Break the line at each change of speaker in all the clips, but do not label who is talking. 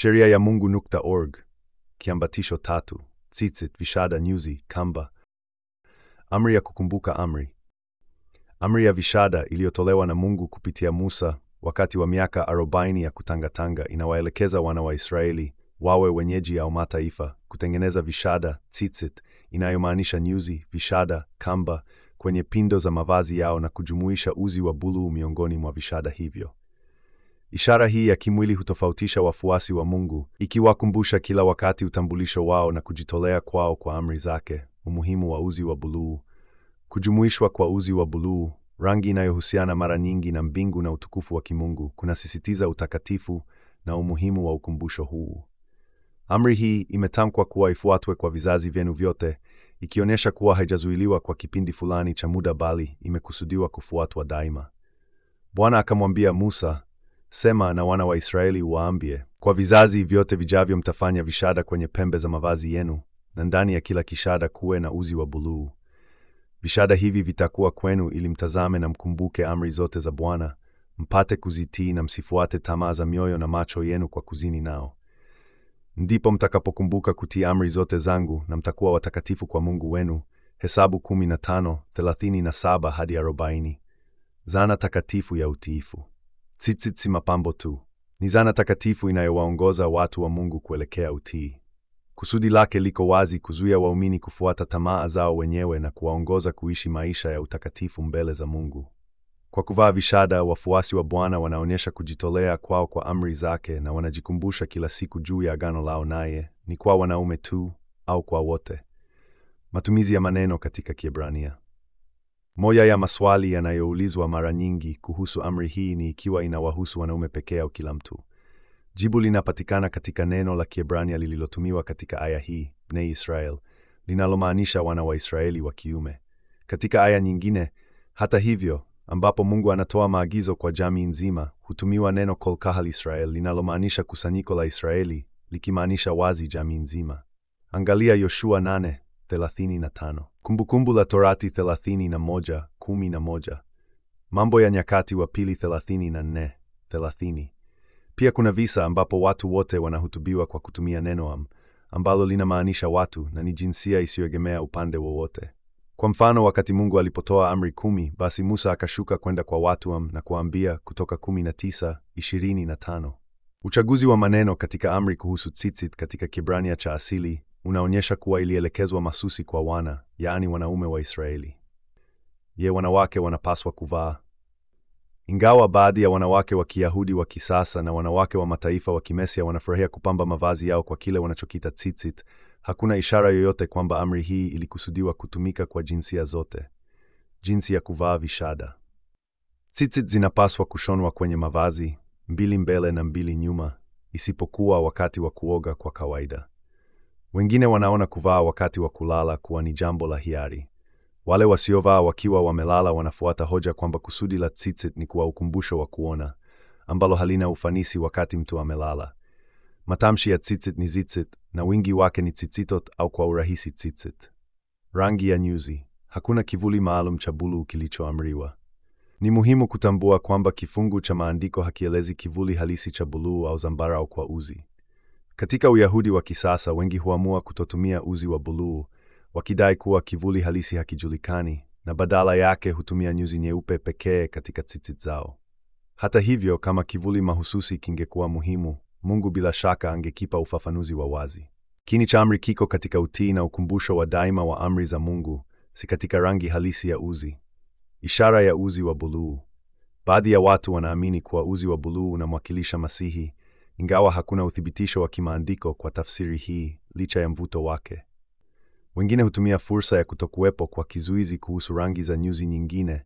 sheria ya org. kiambatisho tatu, tsitsit, vishada, nyuzi, kamba. Amri ya kukumbuka amri. Amri ya vishada iliyotolewa na Mungu kupitia Musa wakati wa miaka arobaini ya kutangatanga inawaelekeza wana wa Israeli wawe wenyeji au mataifa kutengeneza vishada tsitsit, inayomaanisha nyuzi, vishada, kamba kwenye pindo za mavazi yao na kujumuisha uzi wa buluu miongoni mwa vishada hivyo. Ishara hii ya kimwili hutofautisha wafuasi wa Mungu, ikiwakumbusha kila wakati utambulisho wao na kujitolea kwao kwa amri zake. Umuhimu wa uzi wa buluu. Kujumuishwa kwa uzi wa buluu, rangi inayohusiana mara nyingi na mbingu na utukufu wa kimungu, kunasisitiza utakatifu na umuhimu wa ukumbusho huu. Amri hii imetamkwa kuwa ifuatwe kwa vizazi vyenu vyote, ikionyesha kuwa haijazuiliwa kwa kipindi fulani cha muda, bali imekusudiwa kufuatwa daima. Bwana akamwambia Musa, Sema na wana wa Israeli waambie, kwa vizazi vyote vijavyo mtafanya vishada kwenye pembe za mavazi yenu, na ndani ya kila kishada kuwe na uzi wa buluu. Vishada hivi vitakuwa kwenu ili mtazame na mkumbuke amri zote za Bwana, mpate kuzitii na msifuate tamaa za mioyo na macho yenu kwa kuzini nao. Ndipo mtakapokumbuka kutii amri zote zangu na mtakuwa watakatifu kwa Mungu wenu. Hesabu 15:37 hadi 40. Zana takatifu ya utiifu. Tsitsitsi mapambo tu, ni zana takatifu inayowaongoza watu wa Mungu kuelekea utii. Kusudi lake liko wazi: kuzuia waumini kufuata tamaa zao wenyewe na kuwaongoza kuishi maisha ya utakatifu mbele za Mungu. Kwa kuvaa vishada, wafuasi wa Bwana wanaonyesha kujitolea kwao kwa amri zake na wanajikumbusha kila siku juu ya agano lao naye, ni kwa wanaume tu au kwa wote. Matumizi ya maneno katika Kiebrania. Moja ya maswali yanayoulizwa mara nyingi kuhusu amri hii ni ikiwa inawahusu wanaume pekee au kila mtu. Jibu linapatikana katika neno la Kiebrania lililotumiwa katika aya hii, Bnei Israel, linalomaanisha wana wa Israeli wa kiume. Katika aya nyingine, hata hivyo, ambapo Mungu anatoa maagizo kwa jamii nzima, hutumiwa neno Kol Kahal Israel linalomaanisha kusanyiko la Israeli, likimaanisha wazi jamii nzima. Angalia Yoshua 8:35. Kumbukumbu la Torati 31:11. Mambo ya Nyakati wa Pili thelathini Pia kuna visa ambapo watu wote wanahutubiwa kwa kutumia neno am ambalo linamaanisha watu na ni jinsia isiyoegemea upande wowote. Kwa mfano, wakati Mungu alipotoa amri kumi, basi Musa akashuka kwenda kwa watu am na kuambia, Kutoka 1925 Uchaguzi wa maneno katika amri kuhusu tzitzit katika Kibrania cha asili unaonyesha kuwa ilielekezwa masusi kwa wana, yaani wanaume wa Israeli. Ye, wanawake wanapaswa kuvaa. Ingawa baadhi ya wanawake wa Kiyahudi wa kisasa na wanawake wa mataifa wa Kimesia wanafurahia kupamba mavazi yao kwa kile wanachokita tzitzit, hakuna ishara yoyote kwamba amri hii ilikusudiwa kutumika kwa jinsia zote. Jinsi ya kuvaa vishada. Tzitzit zinapaswa kushonwa kwenye mavazi, mbili mbele na mbili nyuma, isipokuwa wakati wa kuoga kwa kawaida. Wengine wanaona kuvaa wakati wa kulala kuwa ni jambo la hiari. Wale wasiovaa wakiwa wamelala wanafuata hoja kwamba kusudi la tzitzit ni kuwa ukumbusho wa kuona, ambalo halina ufanisi wakati mtu amelala. Matamshi ya tzitzit ni zitzit na wingi wake ni tsitsitot au kwa urahisi tzitzit. Rangi ya nyuzi: hakuna kivuli maalum cha buluu kilichoamriwa. Ni muhimu kutambua kwamba kifungu cha maandiko hakielezi kivuli halisi cha buluu au zambarau kwa uzi. Katika Uyahudi wa kisasa, wengi huamua kutotumia uzi wa buluu, wakidai kuwa kivuli halisi hakijulikani, na badala yake hutumia nyuzi nyeupe pekee katika tzitzit zao. Hata hivyo, kama kivuli mahususi kingekuwa muhimu, Mungu bila shaka angekipa ufafanuzi wa wazi. Kini cha amri kiko katika utii na ukumbusho wa daima wa amri za Mungu, si katika rangi halisi ya uzi. Ishara ya uzi wa buluu. Baadhi ya watu wanaamini kuwa uzi wa buluu unamwakilisha Masihi, ingawa hakuna uthibitisho wa kimaandiko kwa tafsiri hii licha ya mvuto wake. Wengine hutumia fursa ya kutokuwepo kwa kizuizi kuhusu rangi za nyuzi nyingine,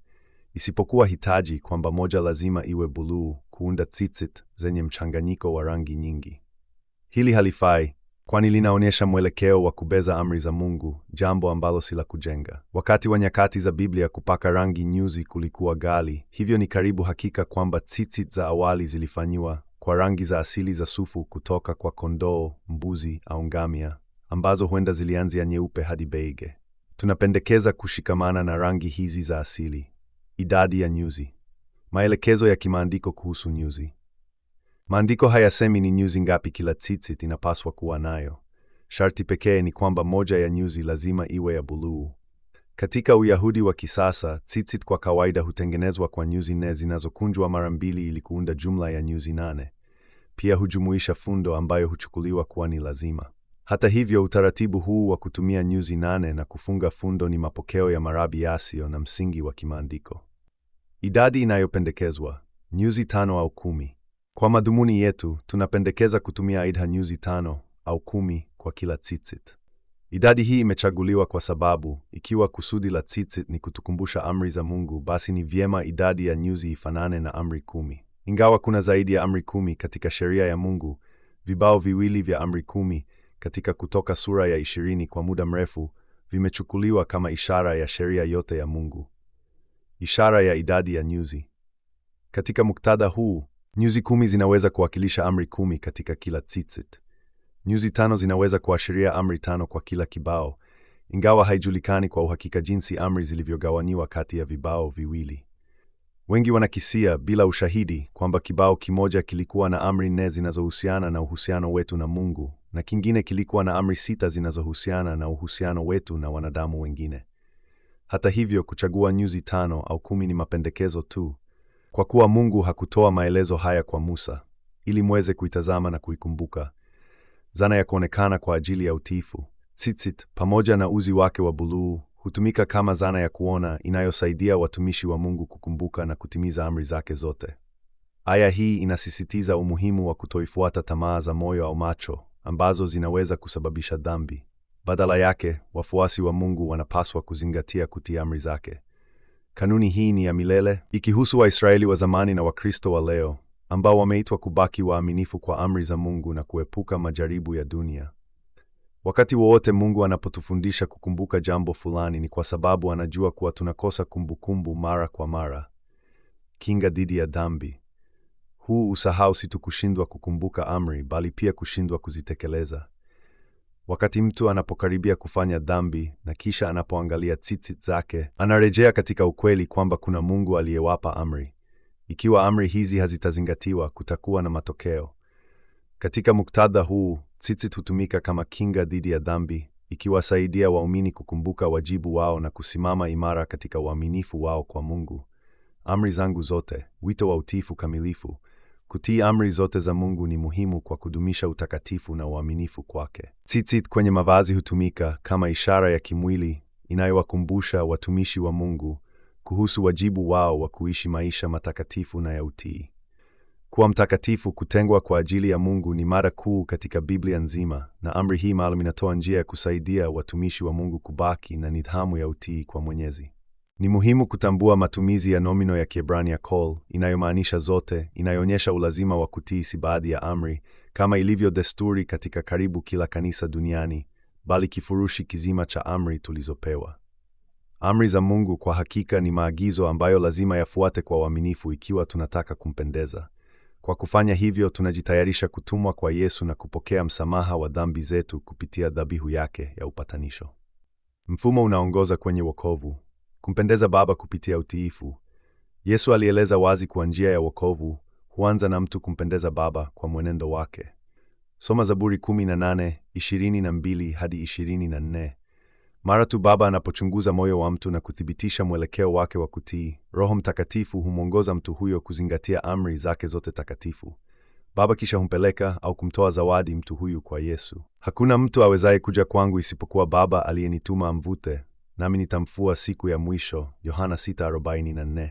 isipokuwa hitaji kwamba moja lazima iwe buluu, kuunda tsitsit zenye mchanganyiko wa rangi nyingi. Hili halifai, kwani linaonyesha mwelekeo wa kubeza amri za Mungu, jambo ambalo si la kujenga. Wakati wa nyakati za Biblia, kupaka rangi nyuzi kulikuwa ghali, hivyo ni karibu hakika kwamba tsitsit za awali zilifanyiwa kwa rangi za asili za sufu kutoka kwa kondoo, mbuzi au ngamia, ambazo huenda zilianzia nyeupe hadi beige. Tunapendekeza kushikamana na rangi hizi za asili. Idadi ya nyuzi. Maelekezo ya kimaandiko kuhusu nyuzi. Maandiko hayasemi ni nyuzi ngapi kila tsitsit inapaswa kuwa nayo. Sharti pekee ni kwamba moja ya nyuzi lazima iwe ya buluu katika Uyahudi wa kisasa, tzitzit kwa kawaida hutengenezwa kwa nyuzi nne zinazokunjwa mara mbili ili kuunda jumla ya nyuzi nane. Pia hujumuisha fundo ambayo huchukuliwa kuwa ni lazima. Hata hivyo, utaratibu huu wa kutumia nyuzi nane na kufunga fundo ni mapokeo ya marabi asio na msingi wa kimaandiko. Idadi inayopendekezwa nyuzi tano au kumi. Kwa madhumuni yetu, tunapendekeza kutumia aidha nyuzi tano au kumi kwa kila tzitzit. Idadi hii imechaguliwa kwa sababu ikiwa kusudi la tzitzit ni kutukumbusha amri za Mungu, basi ni vyema idadi ya nyuzi ifanane na amri kumi. Ingawa kuna zaidi ya amri kumi katika sheria ya Mungu, vibao viwili vya amri kumi katika Kutoka sura ya ishirini kwa muda mrefu vimechukuliwa kama ishara ya sheria yote ya Mungu. Ishara ya idadi ya nyuzi. Katika muktadha huu, nyuzi kumi zinaweza kuwakilisha amri kumi katika kila tzitzit. Nyuzi tano zinaweza kuashiria amri tano kwa kila kibao, ingawa haijulikani kwa uhakika jinsi amri zilivyogawanyiwa kati ya vibao viwili. Wengi wanakisia bila ushahidi kwamba kibao kimoja kilikuwa na amri nne zinazohusiana na uhusiano wetu na Mungu na kingine kilikuwa na amri sita zinazohusiana na uhusiano wetu na wanadamu wengine. Hata hivyo, kuchagua nyuzi tano au kumi ni mapendekezo tu, kwa kuwa Mungu hakutoa maelezo haya kwa Musa, ili muweze kuitazama na kuikumbuka zana ya kuonekana kwa ajili ya utiifu. Tsitsit pamoja na uzi wake wa buluu hutumika kama zana ya kuona inayosaidia watumishi wa Mungu kukumbuka na kutimiza amri zake zote. Aya hii inasisitiza umuhimu wa kutoifuata tamaa za moyo au macho ambazo zinaweza kusababisha dhambi. Badala yake, wafuasi wa Mungu wanapaswa kuzingatia kutii amri zake. Kanuni hii ni ya milele, ikihusu Waisraeli wa zamani na Wakristo wa leo ambao wameitwa kubaki waaminifu kwa amri za Mungu na kuepuka majaribu ya dunia. Wakati wowote Mungu anapotufundisha kukumbuka jambo fulani, ni kwa sababu anajua kuwa tunakosa kumbukumbu mara kwa mara. Kinga dhidi ya dhambi. Huu usahau si tu kushindwa kukumbuka amri, bali pia kushindwa kuzitekeleza. Wakati mtu anapokaribia kufanya dhambi na kisha anapoangalia tzitzit zake, anarejea katika ukweli kwamba kuna Mungu aliyewapa amri. Ikiwa amri hizi hazitazingatiwa, kutakuwa na matokeo. Katika muktadha huu, tzitzit hutumika kama kinga dhidi ya dhambi, ikiwasaidia waumini kukumbuka wajibu wao na kusimama imara katika uaminifu wao kwa Mungu. Amri zangu zote, wito wa utiifu kamilifu. Kutii amri zote za Mungu ni muhimu kwa kudumisha utakatifu na uaminifu kwake. Tzitzit kwenye mavazi hutumika kama ishara ya kimwili inayowakumbusha watumishi wa Mungu kuhusu wajibu wao wa kuishi maisha matakatifu na ya utii. Kuwa mtakatifu, kutengwa kwa ajili ya Mungu, ni mara kuu katika Biblia nzima, na amri hii maalum inatoa njia ya kusaidia watumishi wa Mungu kubaki na nidhamu ya utii kwa Mwenyezi. Ni muhimu kutambua matumizi ya nomino ya Kiebrania kol, inayomaanisha zote, inayoonyesha ulazima wa kutii si baadhi ya amri, kama ilivyo desturi katika karibu kila kanisa duniani, bali kifurushi kizima cha amri tulizopewa. Amri za Mungu kwa hakika ni maagizo ambayo lazima yafuate kwa uaminifu ikiwa tunataka kumpendeza. Kwa kufanya hivyo, tunajitayarisha kutumwa kwa Yesu na kupokea msamaha wa dhambi zetu kupitia dhabihu yake ya upatanisho. Mfumo unaongoza kwenye wokovu, kumpendeza Baba kupitia utiifu. Yesu alieleza wazi kwa njia ya wokovu huanza na mtu kumpendeza Baba kwa mwenendo wake. Soma Zaburi 18:22 hadi 24. Mara tu Baba anapochunguza moyo wa mtu na kuthibitisha mwelekeo wake wa kutii, Roho Mtakatifu humwongoza mtu huyo kuzingatia amri zake zote takatifu. Baba kisha humpeleka au kumtoa zawadi mtu huyu kwa Yesu. Hakuna mtu awezaye kuja kwangu isipokuwa Baba aliyenituma amvute, nami nitamfua siku ya mwisho, Yohana 6:44.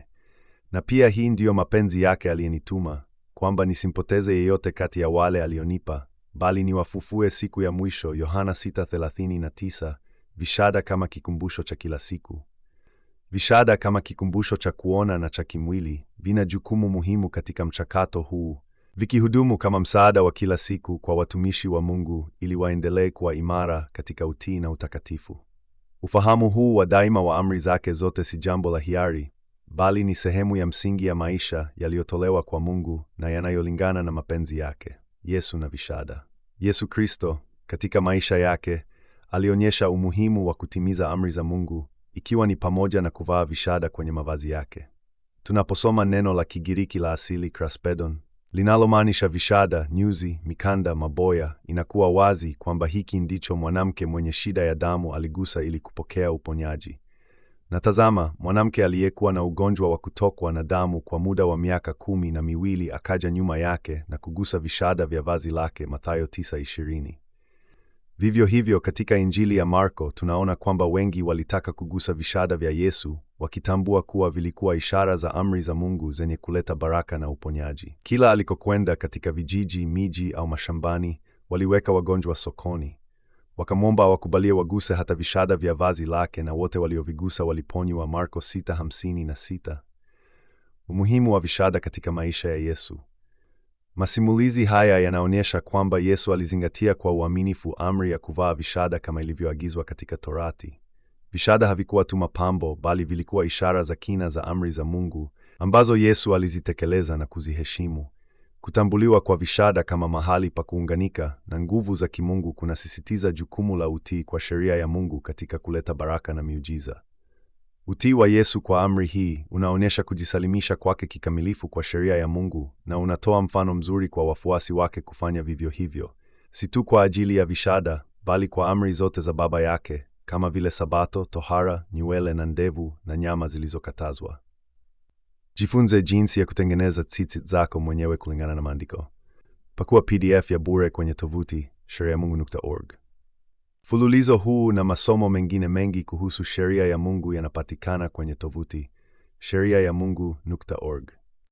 Na pia hii ndiyo mapenzi yake aliyenituma, kwamba nisimpoteze yeyote kati ya wale alionipa, bali niwafufue siku ya mwisho, Yohana 6:39. Vishada kama kikumbusho cha kila siku. Vishada kama kikumbusho cha kuona na cha kimwili vina jukumu muhimu katika mchakato huu, vikihudumu kama msaada wa kila siku kwa watumishi wa Mungu ili waendelee kuwa imara katika utii na utakatifu. Ufahamu huu wa daima wa amri zake zote si jambo la hiari, bali ni sehemu ya msingi ya maisha yaliyotolewa kwa Mungu na yanayolingana na mapenzi yake. Yesu na vishada. Yesu Kristo katika maisha yake alionyesha umuhimu wa kutimiza amri za Mungu, ikiwa ni pamoja na kuvaa vishada kwenye mavazi yake. Tunaposoma neno la Kigiriki la asili kraspedon, linalomaanisha vishada, nyuzi, mikanda, maboya, inakuwa wazi kwamba hiki ndicho mwanamke mwenye shida ya damu aligusa ili kupokea uponyaji. Na tazama, mwanamke aliyekuwa na ugonjwa wa kutokwa na damu kwa muda wa miaka kumi na miwili akaja nyuma yake na kugusa vishada vya vazi lake, Mathayo 9:20. Vivyo hivyo katika Injili ya Marko tunaona kwamba wengi walitaka kugusa vishada vya Yesu wakitambua kuwa vilikuwa ishara za amri za Mungu zenye kuleta baraka na uponyaji. Kila alikokwenda katika vijiji, miji au mashambani, waliweka wagonjwa sokoni, wakamwomba wakubalie waguse hata vishada vya vazi lake, na wote waliovigusa waliponywa. Marko 6:56. Umuhimu wa vishada katika maisha ya Yesu. Masimulizi haya yanaonyesha kwamba Yesu alizingatia kwa uaminifu amri ya kuvaa vishada kama ilivyoagizwa katika Torati. Vishada havikuwa tu mapambo, bali vilikuwa ishara za kina za amri za Mungu ambazo Yesu alizitekeleza na kuziheshimu. Kutambuliwa kwa vishada kama mahali pa kuunganika na nguvu za kimungu kunasisitiza jukumu la utii kwa sheria ya Mungu katika kuleta baraka na miujiza. Utii wa Yesu kwa amri hii unaonyesha kujisalimisha kwake kikamilifu kwa sheria ya Mungu na unatoa mfano mzuri kwa wafuasi wake kufanya vivyo hivyo, si tu kwa ajili ya vishada, bali kwa amri zote za Baba yake, kama vile Sabato, tohara, nywele na ndevu na nyama zilizokatazwa. Jifunze jinsi ya kutengeneza tzitzit zako mwenyewe kulingana na Maandiko. Pakua PDF ya bure kwenye tovuti sheriamungu.org. Mfululizo huu na masomo mengine mengi kuhusu sheria ya Mungu yanapatikana kwenye tovuti sheria ya mungu.org.